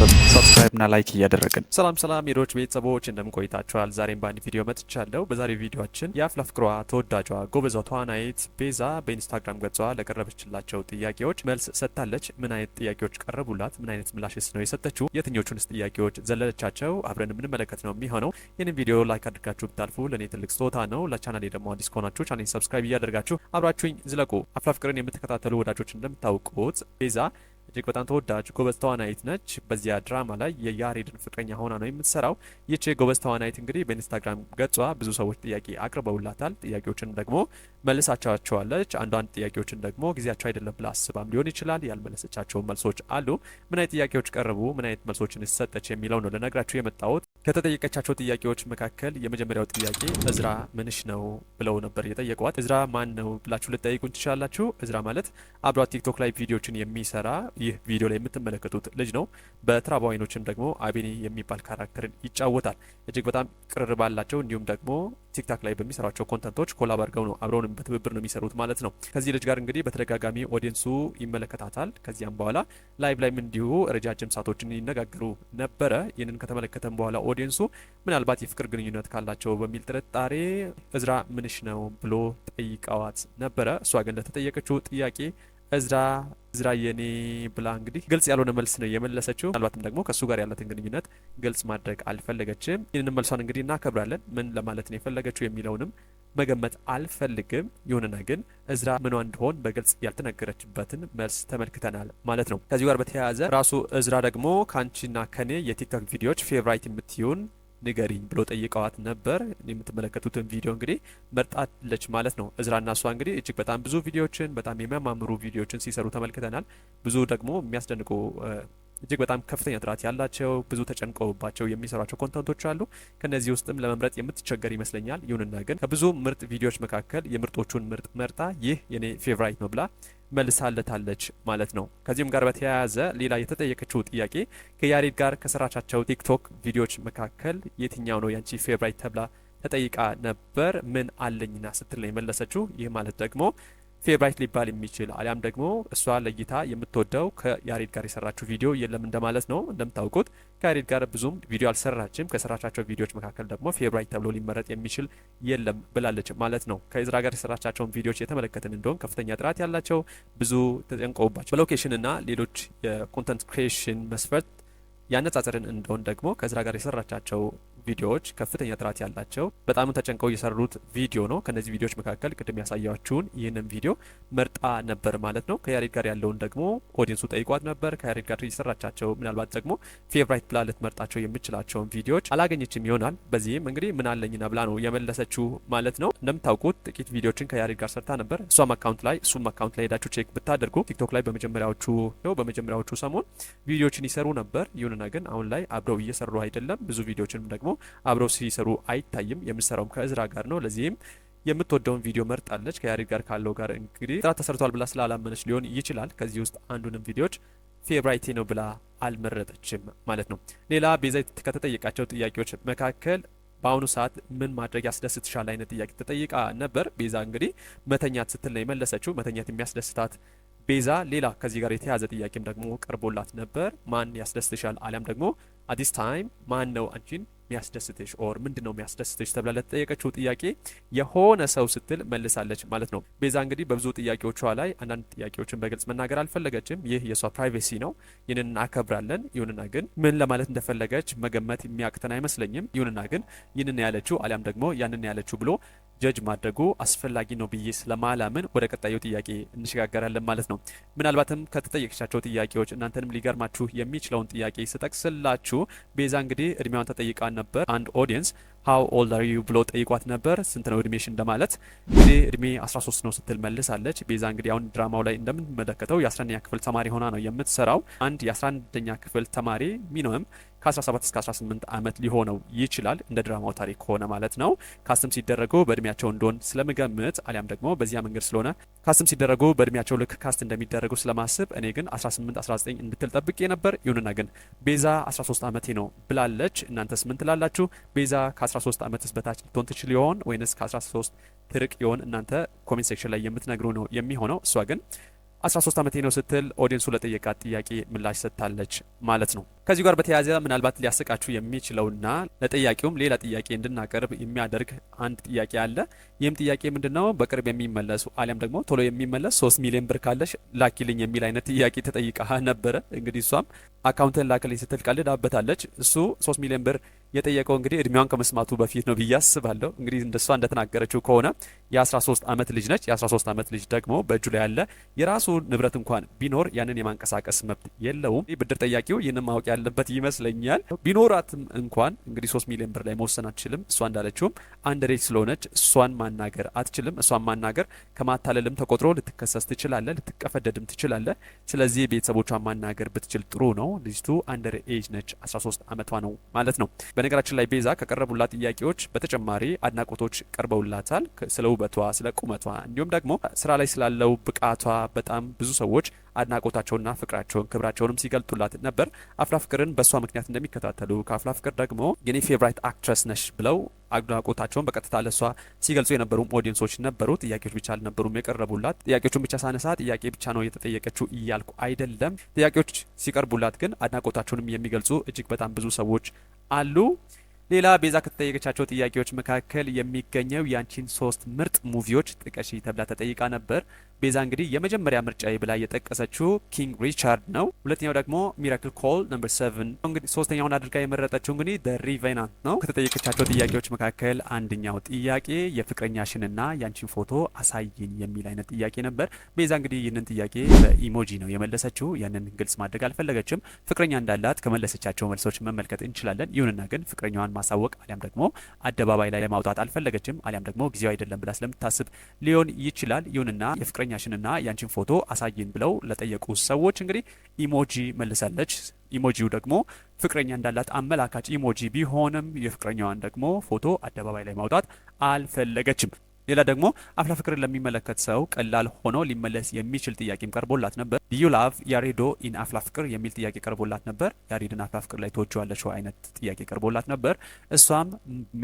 ቤተሰብ ሰብስክራይብ እና ላይክ እያደረግን ሰላም ሰላም የዶች ቤተሰቦች እንደምን ቆይታችኋል? ዛሬም በአንድ ቪዲዮ መጥቻለሁ። በዛሬ ቪዲዮችን የአፍላ ፍቅሯ ተወዳጇ ጎበዟ ተዋናይት ቤዛ በኢንስታግራም ገጿ ለቀረበችላቸው ጥያቄዎች መልስ ሰጥታለች። ምን አይነት ጥያቄዎች ቀረቡላት? ምን አይነት ምላሽስ ነው የሰጠችው? የትኞቹንስ ጥያቄዎች ዘለለቻቸው? አብረን የምንመለከት ነው የሚሆነው። ይህንን ቪዲዮ ላይክ አድርጋችሁ ብታልፉ ለእኔ ትልቅ ስጦታ ነው። ለቻናሌ ደግሞ አዲስ ከሆናችሁ ቻናሌን ሰብስክራይብ እያደርጋችሁ አብራችሁኝ ዝለቁ። አፍላ ፍቅርን የምትከታተሉ ወዳጆች እንደምታውቁት ቤዛ እጅግ በጣም ተወዳጅ ጎበዝ ተዋናይት ነች። በዚያ ድራማ ላይ የያሬድን ፍቅረኛ ሆና ነው የምትሰራው። ይቺ ጎበዝ ተዋናይት እንግዲህ በኢንስታግራም ገጿ ብዙ ሰዎች ጥያቄ አቅርበውላታል። ጥያቄዎችን ደግሞ መልሳቻቸዋለች። አንዳንድ ጥያቄዎችን ደግሞ ጊዜያቸው አይደለም ብላ አስባም ሊሆን ይችላል ያልመለሰቻቸውን መልሶች አሉ። ምን አይነት ጥያቄዎች ቀረቡ፣ ምን አይነት መልሶችን ሰጠች የሚለው ነው ለነግራችሁ የመጣሁት። ከተጠየቀቻቸው ጥያቄዎች መካከል የመጀመሪያው ጥያቄ እዝራ ምንሽ ነው ብለው ነበር የጠየቋት። እዝራ ማን ነው ብላችሁ ልጠይቁን ትችላላችሁ። እዝራ ማለት አብሯት ቲክቶክ ላይ ቪዲዮችን የሚሰራ ይህ ቪዲዮ ላይ የምትመለከቱት ልጅ ነው። በትራባዊኖችም ደግሞ አቤኔ የሚባል ካራክተርን ይጫወታል። እጅግ በጣም ቅርር ባላቸው እንዲሁም ደግሞ ቲክታክ ላይ በሚሰራቸው ኮንተንቶች ኮላብ አድርገው ነው አብረውን በትብብር ነው የሚሰሩት ማለት ነው። ከዚህ ልጅ ጋር እንግዲህ በተደጋጋሚ ኦዲየንሱ ይመለከታታል። ከዚያም በኋላ ላይቭ ላይም እንዲሁ ረጃጅም ሰዓቶችን ይነጋገሩ ነበረ። ይህንን ከተመለከተም በኋላ ኦዲየንሱ ምናልባት የፍቅር ግንኙነት ካላቸው በሚል ጥርጣሬ እዝራ ምንሽ ነው ብሎ ጠይቀዋት ነበረ። እሷ ግን ለተጠየቀችው ጥያቄ እዝራ እዝራ የኔ ብላ እንግዲህ ግልጽ ያልሆነ መልስ ነው የመለሰችው። ምናልባትም ደግሞ ከእሱ ጋር ያላትን ግንኙነት ግልጽ ማድረግ አልፈለገችም። ይህንን መልሷን እንግዲህ እናከብራለን። ምን ለማለት ነው የፈለገችው የሚለውንም መገመት አልፈልግም። ይሁንና ግን እዝራ ምኗ እንደሆን በግልጽ ያልተነገረችበትን መልስ ተመልክተናል ማለት ነው። ከዚሁ ጋር በተያያዘ ራሱ እዝራ ደግሞ ከአንቺና ከኔ የቲክቶክ ቪዲዮዎች ፌቨራይት የምትሆን ንገሪኝ ብሎ ጠይቀዋት ነበር። የምትመለከቱትን ቪዲዮ እንግዲህ መርጣለች ማለት ነው። እዝራና እሷ እንግዲህ እጅግ በጣም ብዙ ቪዲዮዎችን በጣም የሚያማምሩ ቪዲዮዎችን ሲሰሩ ተመልክተናል። ብዙ ደግሞ የሚያስደንቁ እጅግ በጣም ከፍተኛ ጥራት ያላቸው ብዙ ተጨንቀውባቸው የሚሰሯቸው ኮንተንቶች አሉ። ከነዚህ ውስጥም ለመምረጥ የምትቸገር ይመስለኛል። ይሁንና ግን ከብዙ ምርጥ ቪዲዮዎች መካከል የምርጦቹን ምርጥ መርጣ ይህ የኔ ፌቨራይት ነው ብላ መልሳለታለች ማለት ነው። ከዚህም ጋር በተያያዘ ሌላ የተጠየቀችው ጥያቄ ከያሬድ ጋር ከሰራቻቸው ቲክቶክ ቪዲዮዎች መካከል የትኛው ነው ያንቺ ፌቨራይት ተብላ ተጠይቃ ነበር። ምን አለኝና ስትል ነው የመለሰችው። ይህ ማለት ደግሞ ፌቨራይት ሊባል የሚችል አሊያም ደግሞ እሷ ለእይታ የምትወደው ከያሬድ ጋር የሰራችው ቪዲዮ የለም እንደማለት ነው። እንደምታውቁት ከያሬድ ጋር ብዙም ቪዲዮ አልሰራችም። ከሰራቻቸው ቪዲዮዎች መካከል ደግሞ ፌቨራይት ተብሎ ሊመረጥ የሚችል የለም ብላለች ማለት ነው። ከኢዝራ ጋር የሰራቻቸውን ቪዲዮዎች የተመለከትን እንደሆን ከፍተኛ ጥራት ያላቸው ብዙ ተጨንቀውባቸው በሎኬሽን እና ሌሎች የኮንተንት ክሬሽን መስፈርት ያነጻጸርን እንደሆን ደግሞ ከዝራ ጋር የሰራቻቸው ቪዲዮዎች ከፍተኛ ጥራት ያላቸው በጣም ተጨንቀው የሰሩት ቪዲዮ ነው። ከነዚህ ቪዲዮዎች መካከል ቅድም ያሳያችሁን ይህንን ቪዲዮ መርጣ ነበር ማለት ነው። ከያሬድ ጋር ያለውን ደግሞ ኦዲንሱ ጠይቋት ነበር። ከያሬድ ጋር የሰራቻቸው ምናልባት ደግሞ ፌቨራይት ብላ ልትመርጣቸው የምችላቸውን ቪዲዮዎች አላገኘችም ይሆናል። በዚህም እንግዲህ ምን አለኝና ብላ ነው የመለሰችው ማለት ነው። እንደምታውቁት ጥቂት ቪዲዮችን ከያሬድ ጋር ሰርታ ነበር። እሷም አካውንት ላይ እሱም አካውንት ላይ ሄዳችሁ ቼክ ብታደርጉ ቲክቶክ ላይ በመጀመሪያዎቹ ነው በመጀመሪያዎቹ ሰሞን ቪዲዮዎችን ይሰሩ ነበር። ይሁንና ግን አሁን ላይ አብረው እየሰሩ አይደለም። ብዙ ቪዲዮዎችንም ደግሞ አብረው ሲሰሩ አይታይም። የምትሰራውም ከእዝራ ጋር ነው። ለዚህም የምትወደውን ቪዲዮ መርጣለች። ከያሬድ ጋር ካለው ጋር እንግዲህ ስራ ተሰርቷል ብላ ስላላመነች ሊሆን ይችላል። ከዚህ ውስጥ አንዱንም ቪዲዮች ፌብራይቴ ነው ብላ አልመረጠችም ማለት ነው። ሌላ ቤዛ ከተጠየቃቸው ጥያቄዎች መካከል በአሁኑ ሰዓት ምን ማድረግ ያስደስትሻል አይነት ጥያቄ ተጠይቃ ነበር። ቤዛ እንግዲህ መተኛት ስትል ነው የመለሰችው። መተኛት የሚያስደስታት ቤዛ ሌላ ከዚህ ጋር የተያዘ ጥያቄም ደግሞ ቀርቦላት ነበር። ማን ያስደስትሻል አሊያም ደግሞ አዲስ ታይም ማን ነው አንቺን የሚያስደስትሽ ኦር ምንድን ነው የሚያስደስትሽ ተብላ ለተጠየቀችው ጥያቄ የሆነ ሰው ስትል መልሳለች ማለት ነው። ቤዛ እንግዲህ በብዙ ጥያቄዎቿ ላይ አንዳንድ ጥያቄዎችን በግልጽ መናገር አልፈለገችም። ይህ የእሷ ፕራይቬሲ ነው። ይህንን እናከብራለን። ይሁንና ግን ምን ለማለት እንደፈለገች መገመት የሚያቅተን አይመስለኝም። ይሁንና ግን ይህንን ያለችው አሊያም ደግሞ ያንን ያለችው ብሎ ጀጅ ማድረጉ አስፈላጊ ነው ብዬ ስለማላምን ወደ ቀጣዩ ጥያቄ እንሸጋገራለን ማለት ነው። ምናልባትም ከተጠየቅሻቸው ጥያቄዎች እናንተንም ሊገርማችሁ የሚችለውን ጥያቄ ስጠቅስላችሁ ቤዛ እንግዲህ እድሜዋን ተጠይቃ ነበር። አንድ ኦዲየንስ ሀው ኦልድ አር ዩ ብሎ ጠይቋት ነበር። ስንት ነው እድሜሽ እንደማለት እንግዲህ እድሜ 13 ነው ስትል መልሳለች። ቤዛ እንግዲህ አሁን ድራማው ላይ እንደምንመለከተው የ11ኛ ክፍል ተማሪ ሆና ነው የምትሰራው። አንድ የ11ኛ ክፍል ተማሪ ሚኒመም ከ17 እስከ 18 ዓመት ሊሆነው ይችላል፣ እንደ ድራማው ታሪክ ከሆነ ማለት ነው። ካስም ሲደረጉ በእድሜያቸው እንደሆን ስለምገምት አሊያም ደግሞ በዚያ መንገድ ስለሆነ ካስም ሲደረጉ በእድሜያቸው ልክ ካስት እንደሚደረጉ ስለማስብ እኔ ግን 18 19 እንድትል ጠብቄ ነበር። ይሁንና ግን ቤዛ 13 ዓመቴ ነው ብላለች። እናንተስ ምን ትላላችሁ? ቤዛ 13 ዓመትስ በታች ልትሆን ትችል ይሆን ወይንስ ከ13 ትርቅ ይሆን? እናንተ ኮሜንት ሴክሽን ላይ የምትነግሩ ነው የሚሆነው። እሷ ግን 13 ዓመቴ ነው ስትል ኦዲየንሱ ለጠየቃት ጥያቄ ምላሽ ሰጥታለች ማለት ነው። ከዚህ ጋር በተያያዘ ምናልባት ሊያሰቃችሁ የሚችለውና ለጥያቄውም ሌላ ጥያቄ እንድናቀርብ የሚያደርግ አንድ ጥያቄ አለ። ይህም ጥያቄ ምንድነው? በቅርብ የሚመለሱ አሊያም ደግሞ ቶሎ የሚመለስ 3 ሚሊዮን ብር ካለሽ ላኪልኝ የሚል አይነት ጥያቄ ተጠይቃ ነበረ። እንግዲህ እሷም አካውንትን ላክልኝ ስትል ቀልዳበታለች። እሱ 3 ሚሊዮን ብር የጠየቀው እንግዲህ እድሜዋን ከመስማቱ በፊት ነው ብዬ አስባለሁ። እንግዲህ እንደሷ እንደተናገረችው ከሆነ የ13 ዓመት ልጅ ነች። የ13 ዓመት ልጅ ደግሞ በእጁ ላይ ያለ የራሱ ንብረት እንኳን ቢኖር ያንን የማንቀሳቀስ መብት የለውም። ብድር ጠያቂው ይህንን ማወቅ ያለበት ይመስለኛል። ቢኖራትም እንኳን እንግዲህ 3 ሚሊዮን ብር ላይ መወሰን አትችልም። እሷ እንዳለችውም አንድ ሬጅ ስለሆነች እሷን ማናገር አትችልም። እሷን ማናገር ከማታለልም ተቆጥሮ ልትከሰስ ትችላለ፣ ልትቀፈደድም ትችላለ። ስለዚህ ቤተሰቦቿን ማናገር ብትችል ጥሩ ነው። ልጅቱ አንደር ኤጅ ነች፣ 13 ዓመቷ ነው ማለት ነው። በነገራችን ላይ ቤዛ ከቀረቡላት ጥያቄዎች በተጨማሪ አድናቆቶች ቀርበውላታል። ስለ ውበቷ፣ ስለ ቁመቷ እንዲሁም ደግሞ ስራ ላይ ስላለው ብቃቷ በጣም ብዙ ሰዎች አድናቆታቸውና ፍቅራቸውን ክብራቸውንም ሲገልጡላት ነበር። አፍላ ፍቅርን በእሷ ምክንያት እንደሚከታተሉ ከአፍላ ፍቅር ደግሞ የኔ ፌቨራይት አክትረስ ነሽ ብለው አድናቆታቸውን በቀጥታ ለእሷ ሲገልጹ የነበሩ ኦዲየንሶች ነበሩ። ጥያቄዎች ብቻ አልነበሩም የቀረቡላት። ጥያቄዎቹን ብቻ ሳነሳ ጥያቄ ብቻ ነው የተጠየቀችው እያልኩ አይደለም። ጥያቄዎች ሲቀርቡላት ግን አድናቆታቸውንም የሚገልጹ እጅግ በጣም ብዙ ሰዎች alô ሌላ ቤዛ ከተጠየቀቻቸው ጥያቄዎች መካከል የሚገኘው ያንቺን ሶስት ምርጥ ሙቪዎች ጥቀሺ ተብላ ተጠይቃ ነበር። ቤዛ እንግዲህ የመጀመሪያ ምርጫ ብላ የጠቀሰችው ኪንግ ሪቻርድ ነው። ሁለተኛው ደግሞ ሚራክል ኮል ነምበር ሰቨን እንግዲህ ሶስተኛውን አድርጋ የመረጠችው እንግዲህ ደ ሪቬናንት ነው። ከተጠየቀቻቸው ጥያቄዎች መካከል አንደኛው ጥያቄ የፍቅረኛሽንና ያንቺን ፎቶ አሳይን የሚል አይነት ጥያቄ ነበር። ቤዛ እንግዲህ ይህንን ጥያቄ በኢሞጂ ነው የመለሰችው። ያንን ግልጽ ማድረግ አልፈለገችም። ፍቅረኛ እንዳላት ከመለሰቻቸው መልሶች መመልከት እንችላለን። ይሁንና ግን ፍቅረኛዋን ለማሳወቅ አሊያም ደግሞ አደባባይ ላይ ለማውጣት አልፈለገችም፣ አሊያም ደግሞ ጊዜው አይደለም ብላ ስለምታስብ ሊሆን ይችላል። ይሁንና የፍቅረኛሽንና ያንቺን ፎቶ አሳይን ብለው ለጠየቁ ሰዎች እንግዲህ ኢሞጂ መልሳለች። ኢሞጂው ደግሞ ፍቅረኛ እንዳላት አመላካች ኢሞጂ ቢሆንም የፍቅረኛዋን ደግሞ ፎቶ አደባባይ ላይ ማውጣት አልፈለገችም። ሌላ ደግሞ አፍላ ፍቅርን ለሚመለከት ሰው ቀላል ሆኖ ሊመለስ የሚችል ጥያቄም ቀርቦላት ነበር። ዲዩ ላቭ ያሬዶ ኢን አፍላ ፍቅር የሚል ጥያቄ ቀርቦላት ነበር። ያሬድን አፍላ ፍቅር ላይ ተወጅዋለች አይነት ጥያቄ ቀርቦላት ነበር። እሷም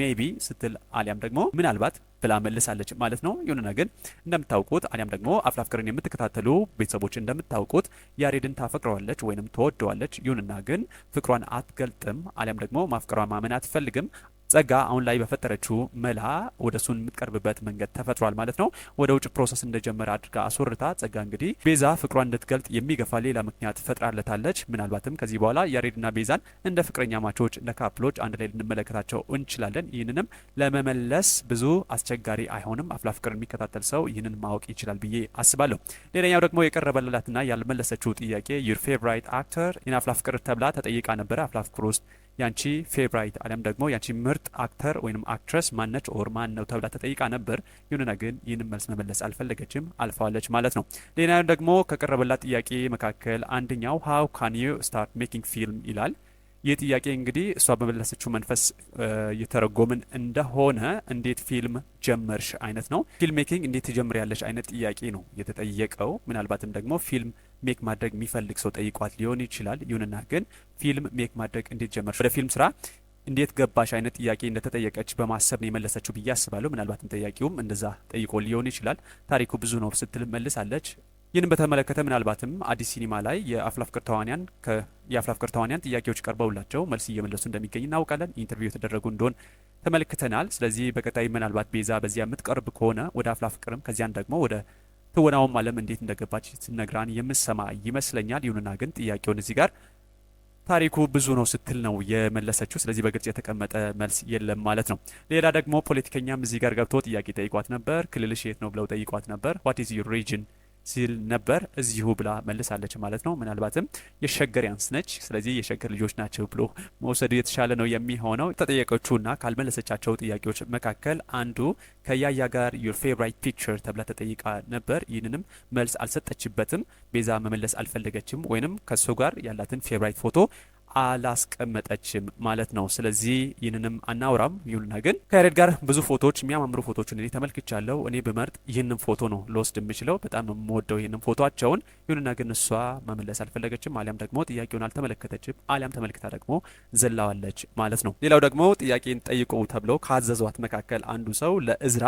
ሜቢ ስትል አሊያም ደግሞ ምናልባት ብላ መልሳለች ማለት ነው። ይሁንና ግን እንደምታውቁት አሊያም ደግሞ አፍላ ፍቅርን የምትከታተሉ ቤተሰቦች እንደምታውቁት ያሬድን ታፈቅረዋለች ወይንም ተወደዋለች። ይሁንና ግን ፍቅሯን አትገልጥም አሊያም ደግሞ ማፍቀሯን ማመን አትፈልግም። ጸጋ አሁን ላይ በፈጠረችው መላ ወደ እሱን የምትቀርብበት መንገድ ተፈጥሯል ማለት ነው። ወደ ውጭ ፕሮሰስ እንደጀመረ አድርጋ አስወርታ ጸጋ እንግዲህ ቤዛ ፍቅሯን እንድትገልጥ የሚገፋ ሌላ ምክንያት ፈጥራለታለች። ምናልባትም ከዚህ በኋላ ያሬድና ቤዛን እንደ ፍቅረኛ ማቾች እንደ ካፕሎች አንድ ላይ ልንመለከታቸው እንችላለን። ይህንንም ለመመለስ ብዙ አስቸጋሪ አይሆንም። አፍላ ፍቅር የሚከታተል ሰው ይህንን ማወቅ ይችላል ብዬ አስባለሁ። ሌላኛው ደግሞ የቀረበላትና ያልመለሰችው ጥያቄ ዩር ፌቨራይት አክተር ይህን አፍላ ፍቅር ተብላ ተጠይቃ ነበረ። አፍላ ፍቅር ውስጥ ያንቺ ፌቨራይት አሊያም ደግሞ ያንቺ ምርጥ አክተር ወይም አክትረስ ማነች ኦር ማን ነው ተብላ ተጠይቃ ነበር። ይሁንና ግን ይህንን መልስ መመለስ አልፈለገችም፣ አልፈዋለች ማለት ነው። ሌላ ደግሞ ከቀረበላት ጥያቄ መካከል አንደኛው ሃው ካን ዩ ስታርት ሜኪንግ ፊልም ይላል። ይህ ጥያቄ እንግዲህ እሷ በመለሰችው መንፈስ የተረጎምን እንደሆነ እንዴት ፊልም ጀመርሽ አይነት ነው። ፊልም ሜኪንግ እንዴት ትጀምሪያለሽ አይነት ጥያቄ ነው የተጠየቀው። ምናልባትም ደግሞ ፊልም ሜክ ማድረግ የሚፈልግ ሰው ጠይቋት ሊሆን ይችላል። ይሁንና ግን ፊልም ሜክ ማድረግ እንዴት ጀመርሽ፣ ወደ ፊልም ስራ እንዴት ገባሽ አይነት ጥያቄ እንደተጠየቀች በማሰብ ነው የመለሰችው ብዬ አስባለሁ። ምናልባትም ጠያቂውም እንደዛ ጠይቆ ሊሆን ይችላል። ታሪኩ ብዙ ነው ስትል መልሳለች። ይህን በተመለከተ ምናልባትም አዲስ ሲኒማ ላይ የአፍላ ፍቅር ተዋንያን የአፍላ ፍቅር ተዋንያን ጥያቄዎች ቀርበውላቸው መልስ እየመለሱ እንደሚገኝ እናውቃለን። ኢንተርቪው የተደረጉ እንደሆን ተመልክተናል። ስለዚህ በቀጣይ ምናልባት ቤዛ በዚያ የምትቀርብ ከሆነ ወደ አፍላ ፍቅርም ከዚያን ደግሞ ወደ ትወናውም ዓለም እንዴት እንደገባች ስነግራን የምሰማ ይመስለኛል። ይሁንና ግን ጥያቄውን እዚህ ጋር ታሪኩ ብዙ ነው ስትል ነው የመለሰችው። ስለዚህ በግልጽ የተቀመጠ መልስ የለም ማለት ነው። ሌላ ደግሞ ፖለቲከኛም እዚህ ጋር ገብቶ ጥያቄ ጠይቋት ነበር። ክልልሽ የት ነው ብለው ጠይቋት ነበር። ዋት ኢዝ ዩር ሪጅን ሲል ነበር። እዚሁ ብላ መልሳለች ማለት ነው። ምናልባትም የሸገር ያንስ ነች፣ ስለዚህ የሸገር ልጆች ናቸው ብሎ መውሰዱ የተሻለ ነው የሚሆነው። ተጠየቀችውና ካልመለሰቻቸው ጥያቄዎች መካከል አንዱ ከያያ ጋር ዩር ፌቨራይት ፒክቸር ተብላ ተጠይቃ ነበር። ይህንንም መልስ አልሰጠችበትም። ቤዛ መመለስ አልፈለገችም፣ ወይንም ከእሱ ጋር ያላትን ፌቨራይት ፎቶ አላስቀመጠችም ማለት ነው። ስለዚህ ይህንንም አናውራም። ይሁንና ግን ከያሬድ ጋር ብዙ ፎቶዎች፣ የሚያማምሩ ፎቶዎችን እኔ ተመልክቻለሁ። እኔ ብመርጥ ይህንን ፎቶ ነው ልወስድ የምችለው። በጣም የምወደው ይህንን ፎቶቸውን። ይሁንና ግን እሷ መመለስ አልፈለገችም፣ አሊያም ደግሞ ጥያቄውን አልተመለከተችም፣ አሊያም ተመልክታ ደግሞ ዘላዋለች ማለት ነው። ሌላው ደግሞ ጥያቄን ጠይቁ ተብለው ካዘዟት መካከል አንዱ ሰው ለእዝራ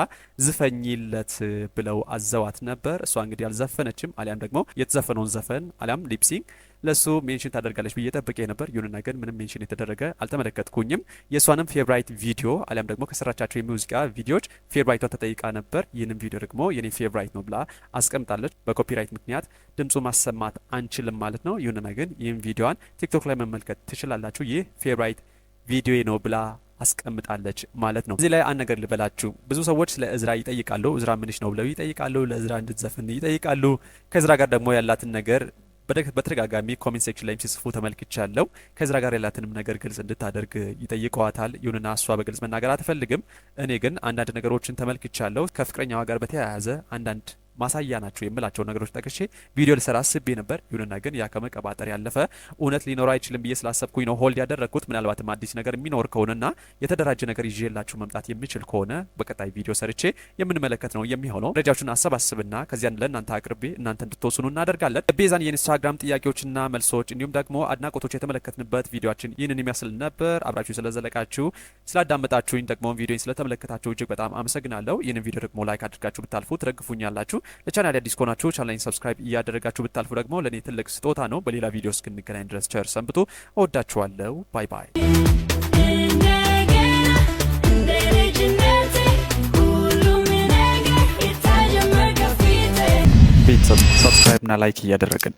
ዝፈኝለት ብለው አዘዋት ነበር። እሷ እንግዲህ አልዘፈነችም፣ አሊያም ደግሞ የተዘፈነውን ዘፈን አሊያም ሊፕሲንግ ለሱ ሜንሽን ታደርጋለች ብዬ ጠብቄ ነበር። ይሁንና ግን ምንም ሜንሽን የተደረገ አልተመለከትኩኝም። የእሷንም ፌብራይት ቪዲዮ አሊያም ደግሞ ከሰራቻቸው የሙዚቃ ቪዲዮዎች ፌቨራይቷ ተጠይቃ ነበር። ይህንም ቪዲዮ ደግሞ የኔ ፌብራይት ነው ብላ አስቀምጣለች። በኮፒራይት ምክንያት ድምፁ ማሰማት አንችልም ማለት ነው። ይሁንና ግን ይህም ቪዲዮዋን ቲክቶክ ላይ መመልከት ትችላላችሁ። ይህ ፌብራይት ቪዲዮ ነው ብላ አስቀምጣለች ማለት ነው። እዚህ ላይ አንድ ነገር ልበላችሁ። ብዙ ሰዎች ስለ እዝራ ይጠይቃሉ። እዝራ ምንሽ ነው ብለው ይጠይቃሉ። ለእዝራ እንድትዘፍን ይጠይቃሉ። ከእዝራ ጋር ደግሞ ያላትን ነገር በተደጋጋሚ ኮሜንት ሴክሽን ላይም ሲጽፉ ተመልክቻለሁ። ከእዝራ ጋር ያላትንም ነገር ግልጽ እንድታደርግ ይጠይቀዋታል። ይሁንና እሷ በግልጽ መናገር አትፈልግም። እኔ ግን አንዳንድ ነገሮችን ተመልክቻለሁ። ከፍቅረኛዋ ጋር በተያያዘ አንዳንድ ማሳያ ናቸው የምላቸው ነገሮች ጠቅሼ ቪዲዮ ልሰራ አስቤ ነበር። ይሁንና ግን ያ ከመቀባጠር ያለፈ እውነት ሊኖረ አይችልም ብዬ ስላሰብኩኝ ነው ሆልድ ያደረግኩት። ምናልባትም አዲስ ነገር የሚኖር ከሆነና የተደራጀ ነገር ይዤላችሁ መምጣት የሚችል ከሆነ በቀጣይ ቪዲዮ ሰርቼ የምንመለከት ነው የሚሆነው። መረጃዎችን አሰባስብና ከዚያን ለእናንተ አቅርቤ እናንተ እንድትወስኑ እናደርጋለን። ቤዛን የኢንስታግራም ጥያቄዎችና መልሶች እንዲሁም ደግሞ አድናቆቶች የተመለከትንበት ቪዲዮችን ይህንን የሚያስል ነበር። አብራችሁ ስለዘለቃችሁ ስላዳመጣችሁኝ ደግሞ ቪዲዮ ስለተመለከታችሁ እጅግ በጣም አመሰግናለሁ። ይህንን ቪዲዮ ደግሞ ላይክ አድርጋችሁ ብታልፉ ትረግፉኛላችሁ። ለቻናል አዲስ ከሆናችሁ ቻናሌን ሰብስክራይብ እያደረጋችሁ ብታልፉ ደግሞ ለእኔ ትልቅ ስጦታ ነው። በሌላ ቪዲዮ እስክንገናኝ ድረስ ቸር ሰንብቶ። እወዳችኋለሁ። ባይ ባይ። ቤት ሰብስክራይብ ላይክ እያደረግን